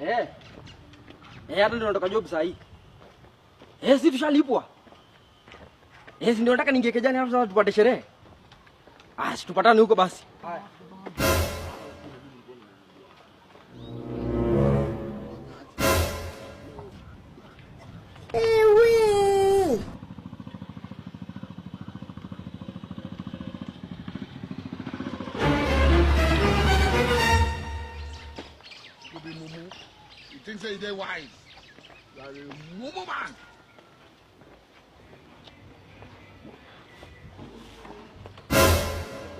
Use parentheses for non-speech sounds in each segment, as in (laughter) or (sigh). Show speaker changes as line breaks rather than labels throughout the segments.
Eh. Eh, hata ndio nataka job saa hii. Eh, si tushalipwa. Eh, si ndio nataka ningekejani halafu sasa tupate sherehe. Ah, si tupatane huko basi. Haya. think say they wise. You are a woman.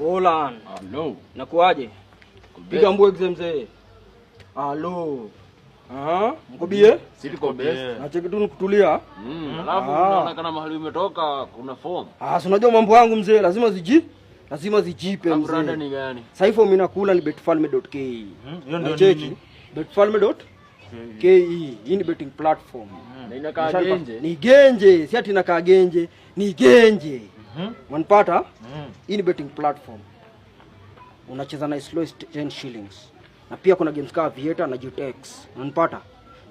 Olan. Hello. Nakuaje? Piga mbwe mzee mzee. Hello. Aha, mkubie?
Si tuko best.
Na cheki tu nikutulia.
Mm. Alafu ah. unaona kana mahali umetoka kuna form.
Ah, si unajua mambo yangu mzee, lazima ziji. Lazima zijipe
mzee. Branda ni gani?
Sasa hivi mimi nakula ni betfalme.ke. Hmm, hiyo ndio nini? Betfalme. Hmm. ke hii ni betting platform
hmm.
ni genje, si ati nakaa genje, ni genje mwanipata. Hmm. Hii ni betting platform, unacheza na slow 10 shillings, na pia kuna games kama Vieta na Jutex unanipata,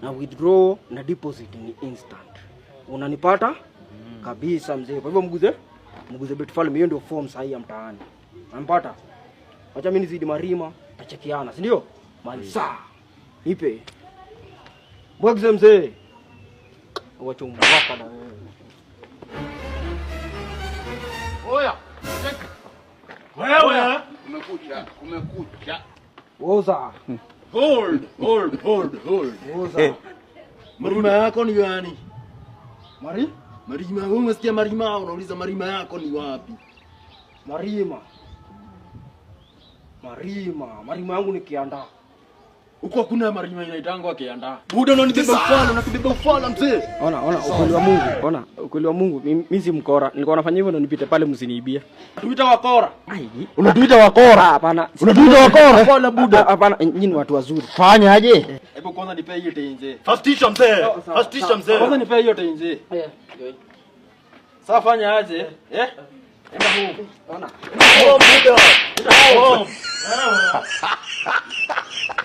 na withdraw na deposit ni instant, unanipata kabisa mzee. Kwa hivyo mguze mguze Betfalm, hiyo ndio form sahihi ya mtaani, unanipata. Acha mimi nizidi marima, tachekiana, si ndio? Malisa nipe Mwagize mzee
wachumbaka na wewe.
Oya. Wewe
umekucha, umekucha.
Oza.
Hold, hold, hold, hold. Oza. Eh. Marima yako ni gani? Mari? Marima, wewe umesikia Marima, unauliza Marima yako ni wapi?
Marima. Marima, Marima yangu ni Kianda.
Uko kuna marinywa inaitangwa kianda.
Buda unanibeba ufala, unakibeba ufala mzee.
Ona, ona ukweli wa Mungu. Ona, ukweli wa Mungu. Mimi si mkora. Nilikuwa nafanya hivyo nipite pale msiniibia.
Tuita wakora.
Ai,
unatuita wakora? Hapana. (laughs) Unatuita wakora? Hapana Buda. (laughs) Hapana,
nyinyi watu wazuri.
Fanya aje?
Hebu kwanza nipe hiyo tenje. Fastisha mzee. Fastisha mzee. Kwanza nipe hiyo tenje. Eh. Sasa fanya aje? Eh? eh?
Enda huko.
Ona. Enda
Buda. Enda